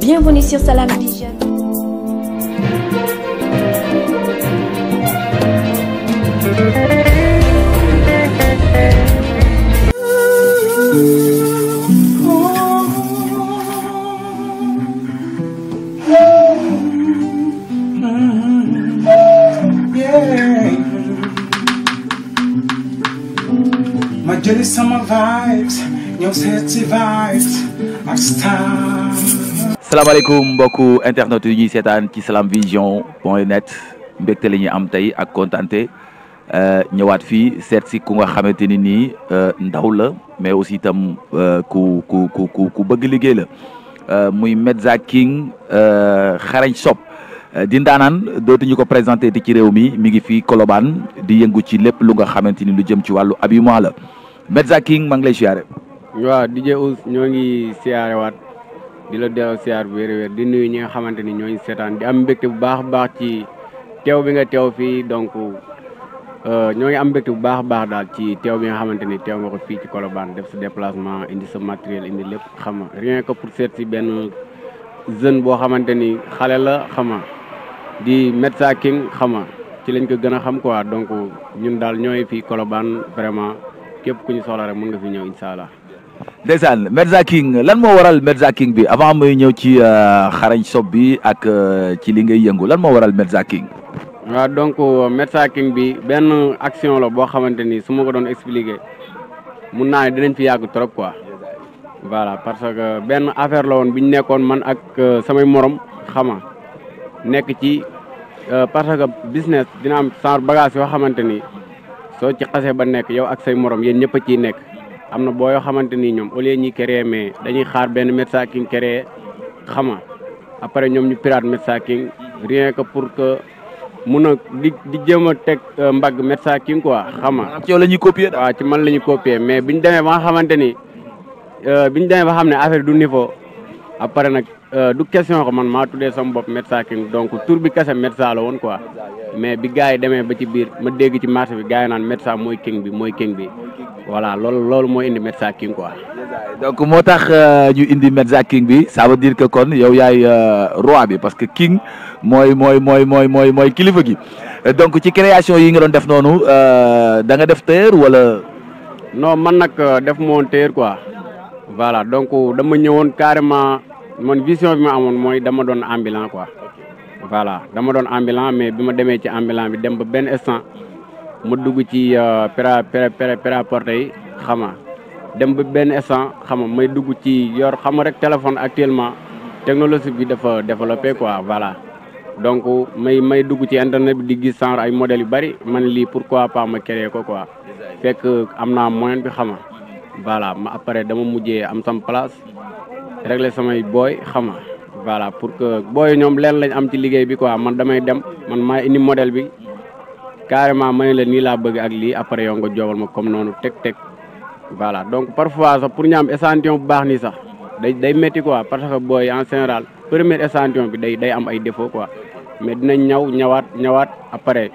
Bienvenue sur Salam Vision. ma jëli sama vibes ñëw seet si vibes ak style salaamaaleykum mbokku internet yi ñuy seetaan ci salam vision point net mbégte la ñuy am tey ak kontante euh, ñëwaat fii seet si ku nga xamante ni nii euh, ndaw la mais aussi itam euh, ku ku ku ku bëgg liggéey la muy Medza King xarañ sop di ndaanaan dootuñu ko présenter ti ci réew mi mi ngi fii Colobane di yëngu ci lépp lu nga xamante ni lu jëm ci wàllu habillement la Medza King maa ngi lay siyaare. waaw DJ Ous ñoo ngi siyaarewaat di la dellu siyaar bu wér wér di nuyu ñi nga xamante ni ñooñu seetaan di am mbégte bu baax baax ci teew bi nga teew fii donc euh, ñoo ngi am mbégte bu baax baax daal ci teew bi nga xamante ni teew nga ko fii ci Colobane def sa déplacement indi sa matériel indi lépp xam nga rien que pour seet si benn jeune boo xamante ni xale la xama di Metsa King xam nga ci lañ ko gën a xam ko waa donc ñun daal ñooy fii Colobane vraiment képp ku ñu soxla rek mun nga fi ñëw incha ndeysaan Medza King lan moo waral Medza King bi avant muy ñëw ci euh, xarañ sob bi ak euh, ci li yëngu lan moo waral Medza King. waaw donc euh, Medza King bi benn action la boo xamante ni su ma ko doon expliquer mun naa dinañ fi yàgg trop quoi voilà parce que benn affaire la woon bi ñu nekkoon man ak samay morom xama nekk ci parce que business dina am genre yoo xamante ni soo ci xasee ba nekk yow ak say morom yéen ñëpp a ciy nekk. am na boo yoo xamante nii ñoom au lieu ñuy créer mais dañuy xaar benn Metsa King créer xama après ñoom ñu pirate Metsa King rien que pour que mun a di di jéem a teg euh, mbagg Metsa King quoi xama ci yow la ñuy copier waaw ci man la ñuy copier mais biñ demee ba nga xamante ni euh, ñu demee ba xam ne affaire du niveau après nag Euh, du question ko man maa tuddee sama bopp Medsa King donc tur bi kese Medsa la woon quoi mais bi gars yi demee ba ci biir ma dégg ci marché bi gars naan Medsa mooy King bi mooy loolu loolu moo indi Medsa King quoi. donc moo tax euh, ñu indi Medsa King bi sa veut dire que kon yow yaay euh, roi bi parce que King mooy mooy mooy mooy mooy mooy kilifa gi donc ci création yi nga doon def noonu da nga def teer wala. non man nag def moon teer quoi voilà donc dama ñëwoon carrément. man vision bi ma amoon mooy dama doon ambulant quoi voilà dama doon ambulant mais bi ma demee ci ambulant bi dem ba benn instant ma dugg ci euh, pra pra prêt-à-porter yi xam nga dem ba benn instant xam nga may dugg ci yor xam nga rek téléphone actuellement technologie bi dafa développé quoi vala donc may may dugg ci internet bi di gis genre ay modèles yu bari man lii pourquoi pas ma créer ko quoi fekk am naa moyen bi xam nga voilà ma après dama mujjee am sam place. régler samay booy xam nga voilà pour que booy ñoom leen lañ am ci liggéey bi quoi man damay dem man maa indi modèle bi carrément ma ne la nii laa bëgg ak lii après yow nga joobal ma comme noonu teg teg voilà donc parfois sax pour ñu am échantillon bu baax nii sax day day métti quoi parce que booy en général premier échantillon bi day day am ay défaut quoi mais dinañ ñaw ñawaat ñawaat après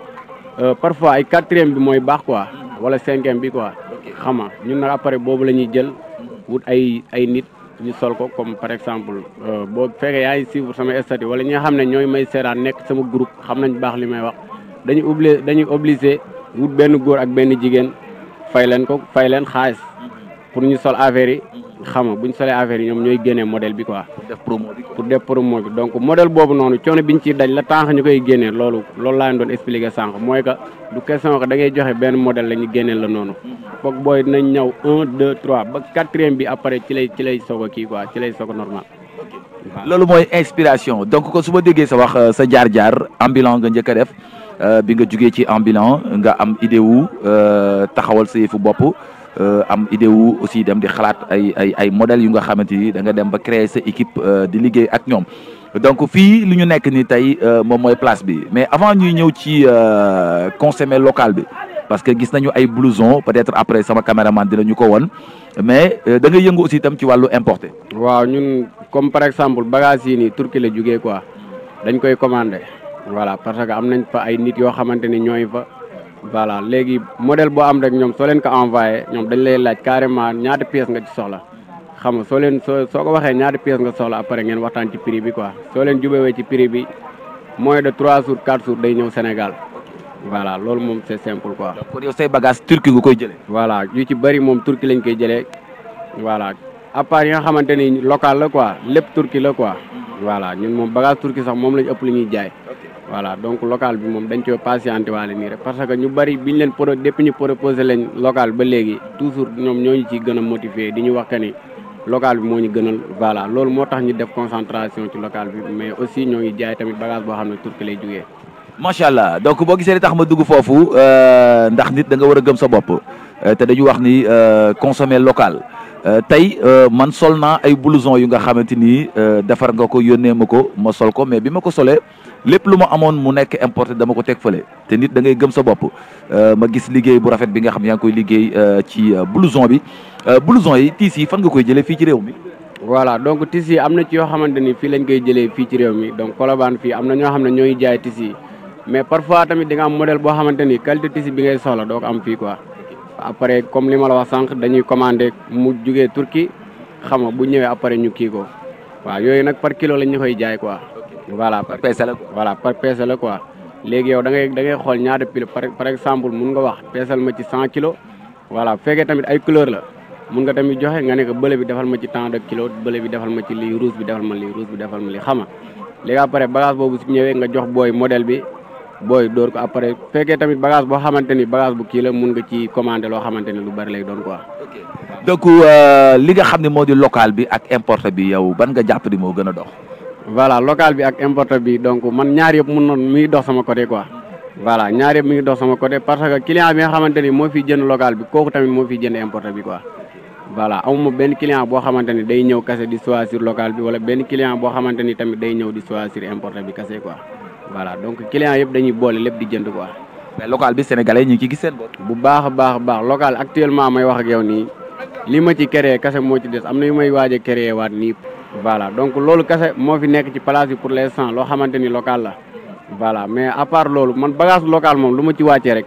euh, parfois ay quatrième bi mooy baax quoi wala cinquième bi quoi xam nga ñun boobu la ñuy jël ay ay nit. ñu sol ko comme par exemple euh, boo fekkee yaay suivre sama statut wala ñi nga xam ne ñooy may seeraan nekk sama group xam nañ baax li may wax dañu obligé dañuy obligé wut benn góor ak benn jigéen fay leen ko fay leen xaalis pour ñu sol affaire yi xam nga buñ solee affaire yi ñoom ñooy génnee modèle bi quoi. pour def promo bi pour def promo bi donc modèle boobu noonu coono biñ ciy daj la tànk ñu koy génnee loolu loolu laa leen doon mooy que du question que joxe benn modèle la ñu génnee la noonu. Mm-hmm. foog booy dinañ ñëw un deux trois ba quatrième bi après ci lay ci lay soog kii quoi ci lay soog a normal. loolu mooy inspiration donc ko su ma déggee sa wax sa jaar-jaar ambulant nga njëkk def euh, bi nga jugee ci ambulant nga am idée wu euh, taxawal sa yëfu bopp. Euh, am idée wu aussi dem di xalaat ay ay ay yu nga xamante ni da nga dem ba créer sa équipe euh, di liggéey ak ñoom donc fii li ñu nekk ni tey euh, moom mooy place bi mais avant ñuy ñëw ci consommé local bi parce que gis nañu ay blouson peut-être après sama caméraman dinañu ko woon mais da nga yëngu aussi tam ci wàllu importé. waaw ñun comme par exemple bagage yi nii Turquie la jugee quoi dañ koy commandé voilà parce que am nañ fa ay nit yoo xamante ni ñooy fa. voilà léegi modèle boo am rek ñoom soo leen ko envoyé ñoom dañ lay laaj carrément ñaata pièce nga ci soxla xam nga soo leen soo soo ko waxee ñaata pièce nga soxla après ngeen waxtaan ci prix bi quoi soo leen jubewee ci prix bi moins de 3 jours 4 jours day ñëw Sénégal voilà loolu moom c'est simple quoi. donc kon say bagage turki gu koy jëlee. voilà yu ci bëri moom turki lañ koy jëlee voilà à part yi nga xamante ni local la quoi lépp turki la quoi. voilà ñun moom bagage turki sax moom lañ ëpp lu ñuy jaay. voilà donc local bi moom dañ coo patienté waale nii rek parce que ñu bari biñ leen pro depuis ñu proposé leen local ba léegi toujours ñoom ñoo ñu ciy gën a motivé di ñu wax que ni local bi moo ñu gënal voilà loolu moo tax ñu def concentration ci local bi mais aussi ñoo ngi jaay tamit bagage boo xam ne turki lay jugee. macha allah donc boo gisee li tax ma dugg foofu euh, ndax nit danga war a gëm sa bopp euh, te dañu wax ni euh, consommer local. Euh, tey euh, man sol naa ay blouson yu nga xamante ni euh, defar nga ko yónnee ma ko ma sol ko mais bi ma ko solee lépp lu ma amoon mu nekk importe dama ko teg fële te nit da ngay gëm sa bopp ma gis liggéey bu rafet bi nga xam yaa ngi koy liggéey ci blouson bi blouson yi tiis yi fan nga koy jëlee fii ci réew mi. voilà donc tiis yi am na ci yoo xamante ni fii lañ koy jëlee fii ci réew mi donc Colobane fii am na ñoo xam ne ñooy jaay tiis yi mais parfois tamit di am modèle boo xamante ni qualité tiis bi ngay soxla doo ko fii quoi. après comme li ma la wax sànq dañuy commandé mu jugee Turquie xam nga bu ñëwee après ñu kii ko waaw yooyu nag par kilo lañ ñu koy jaay quoi. voilà par peese la voilà par peese la léegi yow da ngay da ngay xool ñaata pilo par exemple mun nga wax peesal ma ci cent kilo voilà bu fekkee tamit ay couleur la mun nga tamit joxe nga ne ko bële bi defal ma ci tant de kilo bële bi defal ma ci lii rouge bi defal ma lii rouge bi defal ma lii xam nga léegi après bagage boobu su ñëwee nga jox booy modèle bi. booy door ko après fekkee tamit bagage boo xamante ni bagage bu kii mun nga ci commandé loo xamante ni lu bari lay doon quoi. donc euh, li nga xam ne moo di local bi ak importé bi yow ban nga jàpp di moo gën a dox. voilà local bi ak importé bi donc man ñaar yëpp mun noon mi dox sama côté quoi. voilà ñaar yëpp mi ngi dox sama côté parce que client bi nga xamante ni moo fi jënd local bi kooku tamit moo fi jënd importé bi quoi. voilà amuma benn client boo xamante ni day ñëw kase di choisir local bi wala benn client boo xamante ni tamit day ñëw di choisir importé bi kase quoi. voilà donc client yëpp dañuy boole lépp di jënd ko mais local bi sénégalais ñu ci ciy gis seen bopp. bu baax a baax a baax local actuellement may wax ak yow nii li ma ci créé kese moo ci des am na yu may waaj a créé waat nii. voilà donc loolu kese moo fi nekk ci place yi pour l'instant loo xamante ni local la voilà mais à part loolu man bagage local moom lu ma ci wàccee rek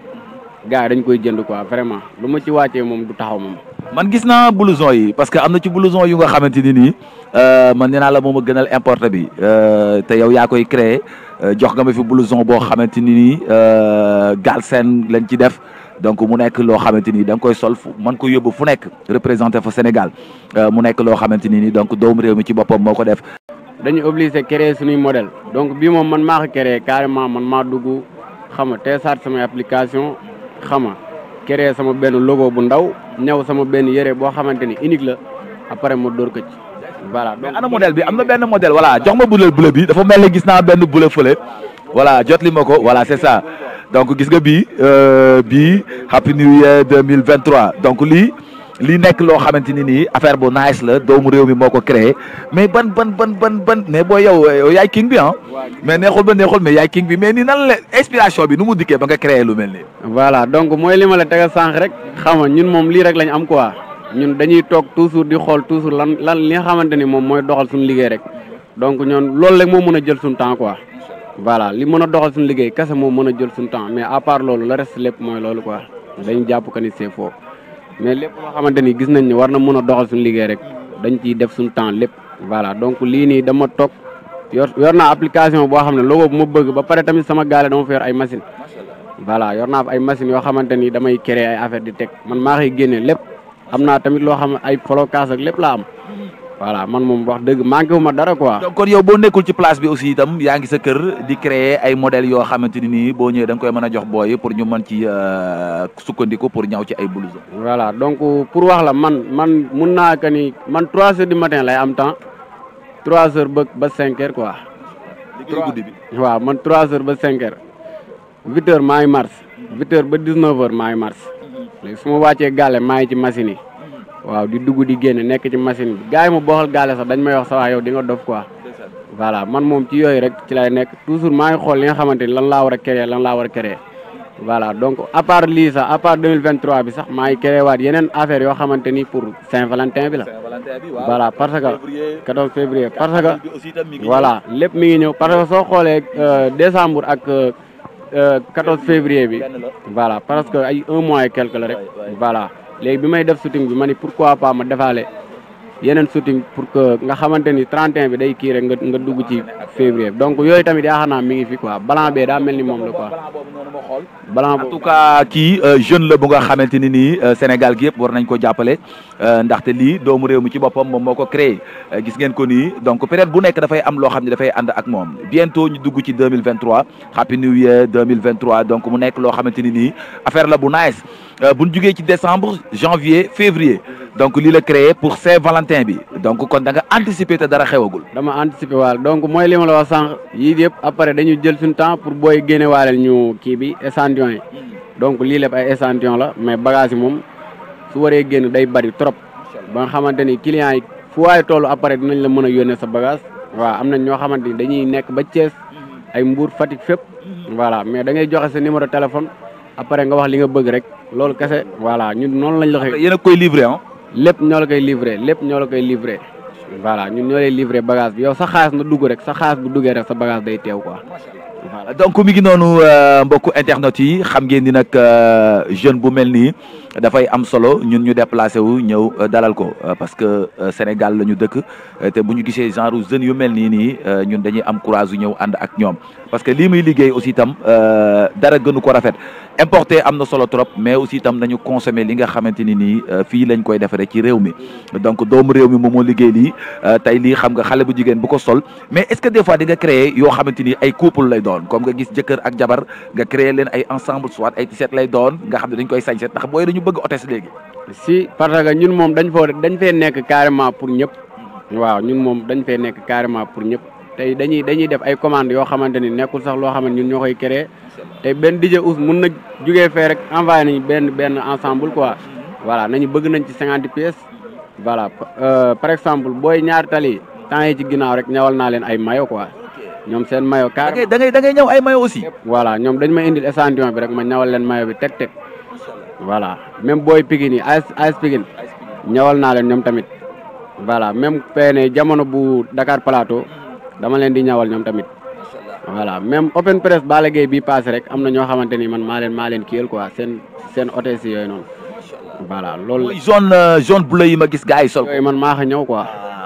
gars yi dañ koy jënd quoi vraiment lu ma ci wàccee moom du taxaw moom. man gis naa blouson yi parce que am na ci blouson yu nga xamante ni nii euh, man nee naa la moom a gënal importé bi euh, te yow yaa koy créé euh, jox nga ma fi blouson boo xamante ni nii Galsen lañ ci def donc mu nekk loo xamante ni da koy sol fu man koy yóbbu fu nekk représenté fa Sénégal mu nekk loo xamante ni nii donc doomu réew mi ci boppam moo ko def. dañuy obligé créer suñuy modèle donc bii moom man maa ko créé carrément man maa dugg xam nga télécharge samay application xam nga créé sama benn logo bu ndaw ñëw sama benn yére boo xamante ni unique la après ma door ko ci voilà. mais ana modèle bi am na benn modèle voilà jox ma bule bule bi dafa mel ni gis naa benn bule fële voilà jot li ma ko voilà c'est ça donc gis nga bii euh, bii happy new year 2023 donc lii. li nekk loo xamante ni nii affaire bu nice la doomu réew mi moo ko créé mais ban ban ban ban ban mais boo yow yow yaay king bi ah. mais neexul ba neexul mais yaay king bi mais ni nan la inspiration bi nu mu dikkee ba nga créé lu mel nii. voilà donc mooy li ma la tegal sànq rek xam nga ñun moom lii rek lañ am quoi ñun dañuy toog toujours di xool toujours lan lan li nga xamante ni moom mooy doxal suñu liggéey rek donc ñoon loolu rek moo mën a jël suñu temps quoi. voilà li mën a doxal suñu liggéey kese moo mën a jël suñu temps mais à part loolu le reste lépp mooy loolu quoi dañu jàpp que ni c'est mais lépp loo xamante ni gis nañ ne war na mën a doxal suñu liggéey rek dañ ciy def suñu temps lépp voilà donc lii nii dama toog yor yor naa application boo xam ne logo bu ma bëgg ba pare tamit sama gaale dama fa yor ay machine voilà yor naa ay machines yoo xamante ni damay créer ay affaire di teg man maa koy génne lépp am naa tamit loo xam ay flocage ak lépp laa am voilà man moom wax dëgg manqué wu ma dara quoi. donc kon yow boo nekkul ci place bi aussi yaa ngi sa kër di créer ay modèles yoo xamante ni nii boo ñëwee da koy mën a jox booy pour ñu mën ci euh, sukkandiku pour ñaw ci ay blousons. voilà donc pour wax la man man mun naa que ni man trois heures du matin lay am temps trois heures ba ba cinq quoi. liggéey waaw man trois heures ba cinq heures huit heures maa mars huit ba dix neuf heures maa ngi mars mhm. léegi su ma wàccee gàlle maa ngi ci machine yi. waaw di dugg di génne nekk ci machine bi gars ma boxal gaale sax dañ may wax sa waa ah, yow di nga dof quoi voilà man moom ci yooyu rek ci lay nekk toujours maa ngi xool li nga xamante ni lan laa war a créer lan laa war a créer voilà donc à part lii sax à part 2023 bi sax maa ngi créé waat yeneen affaire yoo xamante ni pour Saint-Valentin bi la voilà parce que 14 février parce que voilà lépp mi ngi ñëw parce que soo xoolee euh, décembre ak 14 euh, euh, février bi voilà parce ay un mois et quelque léegi bi may def shooting bi ma ni pourquoi pas ma defaale yeneen shooting pour que nga xamante ni 31 bi day kii rek nga nga dugg ci février bi donc yooyu tamit yaakaar naa mi ngi fi quoi blanc bee daa mel ni moom la quoi. blanc boobu en tout cas kii euh, jeune la bu nga xamante ni nii euh, Sénégal yëpp war nañ ko jàppale euh, ndaxte lii doomu réew mu ci boppam moom moo ko créé gis ngeen ko nii donc période bu nekk dafay am loo xam ne dafay ànd ak moom bientôt ñu dugg ci 2023 happy new year 2023 donc mu nekk loo xamante ni nii affaire la bu nice bu ñu jugee ci décembre janvier février. donc lii la créé pour Saint-Valentin bi donc kon da nga te dara xewagul. dama anticiper waal donc mooy li ma la wax sànq yii yëpp après dañuy jël suñu temps pour booy génne waaleel ñu kii bi échantillon yi donc lii lépp ay échantillon la mais bagage yi moom su waree génn day bari trop ba nga xamante ni clients yi fu waaye tollu après dinañ la mën a yónnee sa bagage waa am nañ ñoo xamante ni dañuy nekk ba Thiès ay Mbour Fatick fépp voilà mais da ngay joxe sa numéro téléphone après nga wax li nga bëgg rek loolu kese voilà ñun noonu lañ la. yéen a koy livré lépp ñoo koy livré lépp ñoo la koy livré voilà ñun ñoo livré bagage bi yow sa xaalis na dugg rek sa xaalis bu duggee rek sa bagage day teew quoi. voilà donc mi ngi noonu euh, mbokku internet yi xam ngeen ni nag euh, jeune bu mel nii. dafay am solo ñun ñu déplacé wu ñëw euh, dalal ko euh, parce que euh, Sénégal la ñu dëkk te bu ñu gisee genre jeunes yu mel nii nii ñun dañu am courage yu ñëw and ak ñoom parce que lii muy liggéey aussi itam dara gënu ko rafet importé am na solo trop mais aussi itam nañu consommer li nga xamante ni nii fii lañ koy defaree ci réew mi donc doomu réew mi moom moo liggéey lii tey lii xam nga xale bu jigéen bu ko sol mais est-ce que des fois di nga créer yoo xamante ni ay couple lay doon comme nga gis jëkkër ak bëgg hôtesse léegi. si parce que ñun moom dañ foo dañ fee nekk carrément pour ñëpp. waaw ñun moom dañ fee nekk carrément pour ñëpp. tey dañuy dañuy def ay commande yoo xamante ni nekkul sax loo xamante ñun ñoo koy créé tey benn DJ Ous mun na jugee fee rek envoyé nañu benn benn ensemble quoi voilà nañu bëgg nañ ci cinquante pièces voilà euh, par exemple booy ñaar tali temps yi ci ginnaaw rek ñawal naa leen ay mayo quoi ñoom seen mayo. carrément da ngay da ngay ñëw ay mayo aussi. voilà ñoom dañ ma indil échantillon bi rek bi teg teg. voilà même booy Pikine yi AS AS naa leen ñoom tamit voilà même peene jamono bu Dakar Plateau dama leen di ñawal ñoom tamit voilà même open press Balla Gaye bii paase rek am na ñoo xamante ni man maa leen maa leen kiyal quoi seen seen hôtesse yooyu noonu voilà loolu. zone euh, zone bleue yi ma gis gars yi sol. yooyu man maa xa ñëw quoi.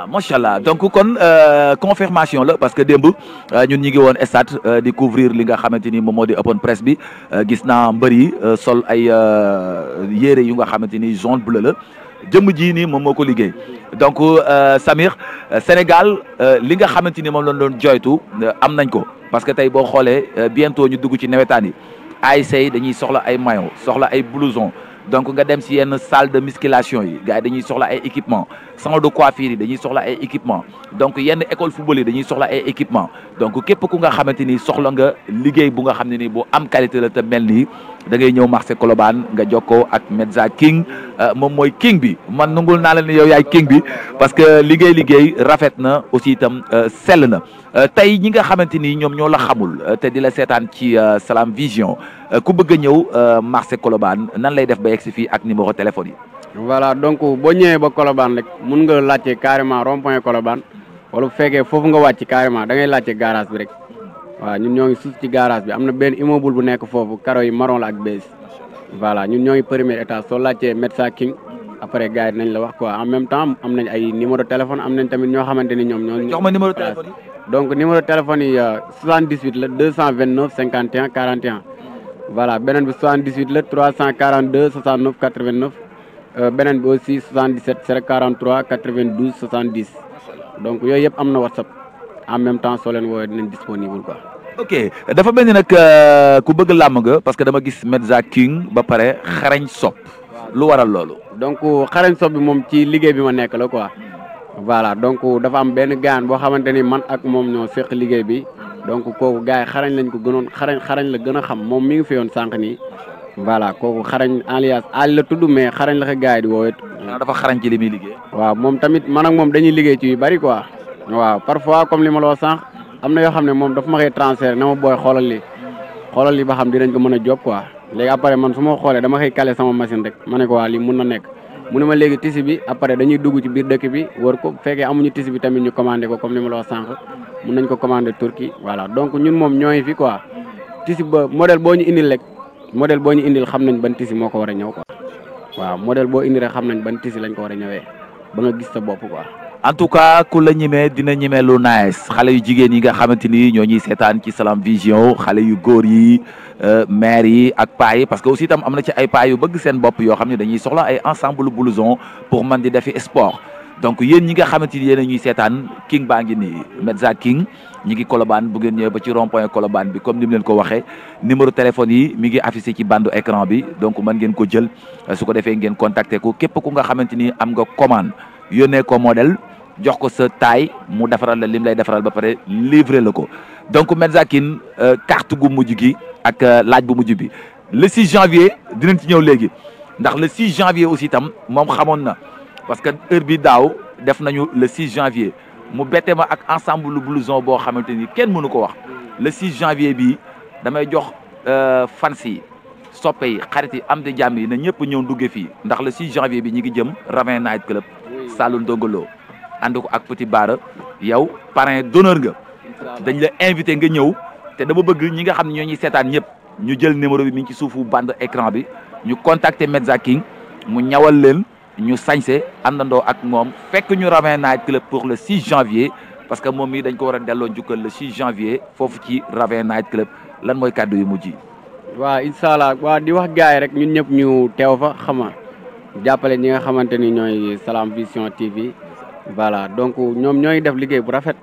macha allah donc kon euh, confirmation la parce que démb euh, ñun ñi ngi woon stade euh, di couvrir linga nga xamante ni moom moo di open press bi gis naa mbër yi sol ay yére yu nga xamante ni jaune bleu la jëmm jii nii moom moo ko liggéey donc Samir Sénégal li nga xamante ni moom lañ doon joytu am nañ ko parce que tey boo xoolee bientôt ñu dugg ci nawetaan yi ASC yi dañuy soxla ay mayo soxla ay blouson donc nga dem si yenn salle de musculation yi gars dañuy soxla ay équipement salon de coiffure yi dañuy soxla ay équipement donc yenn école football yi dañuy soxla ay équipement donc képp ku nga xamante ni soxla nga liggéey bu nga xam ne ni bu am qualité la ta mel nii dangay ñëw marché kolobaan nga jokkoo ak Medza King euh, moom mooy king bi man nangul naa la ne yow yaay king bi parce que liggéey liggéey rafet na aussi itam euh, sell na euh, tey ñi nga xamante ni ñoom ñoo la xamul te di la seetaan ci Salam Vision ku bëgg a ñëw marché Colobane nan lay def ba yegg fii ak numéro téléphone yi. voilà donc boo ñëwee ba Colobane rek mun nga laajte carrément rond point Colobane wala bu fekkee foofu nga wàcc carrément da ngay laajte garage bi rek waaw ñun ñoo ngi suuf ci garage bi am na benn immeuble bu nekk foofu caro yi la ak beige voilà ñun ñoo ngi premier soo laajtee Metsa King après gars yi la wax quoi en même temps am nañ ay numéro téléphone am nañ tamit ñoo xamante ni ñoom ñoo. jox ma numéro téléphone yi. donc numéro téléphone yi 78 euh, la 229 51 41 voilà beneen bi 78 la 342 Euh, beneen bi aussi 77 043 92 70 donc yooyu yëpp am na WhatsApp en même temps soo leen woowee dinañ disponible quoi. ok dafa mel ni nag euh, ku bëgg làmm nga parce que dama gis Medza King ba pare xarañ sop lu waral loolu. donc xarañ sopp bi moom ci liggéey bi ma nekk la quoi. voilà donc dafa am benn gaan boo xamante ni man ak moom ñoo seq liggéey bi donc kooku gars yi xarañ lañ ko gënoon xarañ xarañ la gën a xam moom mi ngi fi yoon sànq nii voilà kooku xarañ alias Ali la tudd mais xarañ la ko gars yi di woowee. dafa xarañ ci li muy liggéey. waaw moom tamit man ak moom dañuy liggéey ci yu bari quoi. waaw parfois comme li ma la wax sànq am na yoo xam ne moom dafa ma koy transfert na ma booy xoolal li xoolal li ba xam dinañ ko mën a job quoi léegi après man su ma xoolee dama koy kale sama machine rek ma ne ko waa lii mun na nekk mu ne ma léegi tisi bi après dañuy dugg ci biir dëkk bi wër ko bu amuñu tisi bi tamit ñu commandé ko comme ni ma la wax sànq mun nañ ko commandé ñun moom ñooy fi quoi tisi ba modèle boo ñu indil rek modèle boo ñu indil xam nañ ban tissu moo ko war a ñëw quoi waaw modèle boo indi xam nañ ban tissu lañ ko war a ñëwee ba nga gis sa bopp quoi. en tout cas ku la ñemee dina ñeme lu nice xale yu jigéen yi nga xamante ni ñoo ñuy seetaan ci Salam Vision xale yu góor yi euh, maire yi ak paa parce que aussi tam am na ci ay paa yu bëgg seen bopp yoo xam ne dañuy soxla ay ensemble blouson pour man di defi sport. donc yéen ñi nga xamante ni yéen a ñuy seetaan King baa ngi nii Medza King ñi ngi Colobane bu ngeen ñëwee ba ci rond point bi comme ni leen ko waxee numéro téléphone yi mi ngi affiché ci bandu écran bi donc mën ngeen ko jël su ko defee ngeen contacter ko képp ku nga xamante ni am nga commande yónnee ko modèle jox ko sa taille mu defaral la lim lay defaral ba pare livrer la ko donc Medza kiin euh, carte gu mujj gi ak euh, laaj bu mujj bi le 6 janvier dinañ ci ñëw léegi ndax le 6 janvier aussi itam moom xamoon na. parce que heure bi daaw def nañu le 6 janvier mu bette ma ak ensemble lu blouson boo xamante ni kenn mënu ko wax le 6 janvier bii damay jox euh, fans yi soppe yi xarit yi am de jàmm yi na ñëpp ñëw dugge fii ndax le 6 janvier bi ñi ngi jëm Ravin Night Club Saloum Ndongolo ànd ko ak Petit Bara yow parrain d'honneur nga dañ la invité nga ñëw te dama bëgg ñi nga xam ne ñoo ñuy seetaan ñëpp ñu jël numéro bi mi ngi ci suufu bande écran bi ñu contacter Medza King mu ñawal leen ñu sañse àndandoo ak moom fekk ñu Raven Night Club pour le 6 janvier parce que moom mii dañ ko war a delloo njukkal le 6 janvier foofu ci Raven Night Club lan mooy kàddu yu mujj yi. waaw incha allah waaw di wax gars yi rek ñun ñëpp ñu teew fa xama jàppale ñi nga xamante ni ñooy Salam Vision TV voilà donc ñoom ñooy def liggéey bu rafet.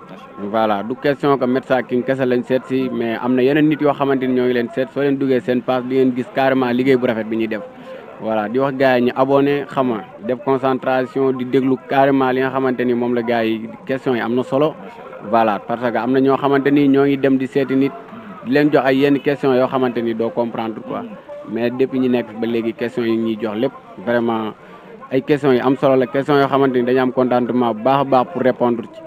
voilà du question que médecin ki kese lañ seet mais am na yeneen nit yoo xamante ni ñoo ngi leen seet soo leen duggee seen pass di ngeen gis carrément liggéey bu rafet ñuy def. voilà di wax gars yi ñu abonné xama def concentration di déglu carrément li nga xamante ni moom la gars yi question yi am na solo voilà parce que am na ñoo xamante ni ñoo ngi dem di seeti nit leen jox ay yenn question yoo xamante ni doo comprendre quoi mais depuis ñu nekk ba léegi question yi ñuy jox lépp vraiment ay question yi am solo la question yoo xamante ni dañu am contentement bu baax a baax pour répondre ci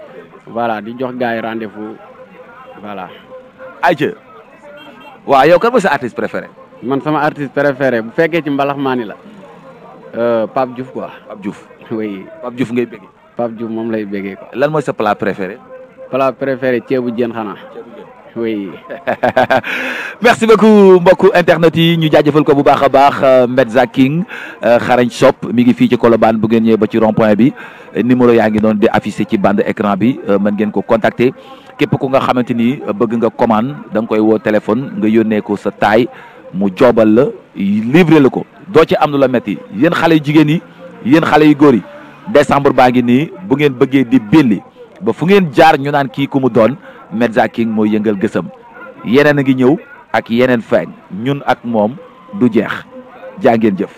voilà di jox gars yi rendez-vous voilà. ayca waa yow kan mooy sa man sama artiste préféré bu fekkee ci mbalax maani la euh, Pape Diouf quoi. Pape Diouf oui. Pape Diouf ngay bëggee. Pape Diouf moom lay bëggee lan mooy sa plat préféré. plat préféré ceebu jën xanaa. oui. merci beaucoup mbokku internet yi ñu jaajëfal ko bu baax a baax euh, Medza King euh, xarañ shop mi ngi fii ci Colobane bu ngeen ñëwee ba ci rond point bi numéro yaa ngi doon di affiché ci bande écran bi man ngeen ko contacter képp ku nga xamante ni bëgg nga commande da koy woo téléphone nga yónnee ko sa taille. mu joobal la livré la ko doo ci am lu la metti yéen xale yu jigéen yi yéen xale yu góor yi décembre baa ngi nii bu ngeen bëggee di billi ba fu ngeen jaar ñu naan kii ku mu doon Medza King mooy yëngal gësëm yeneen a ngi ñëw ak yeneen feeñ ñun ak moom du jeex jaa ngeen jëf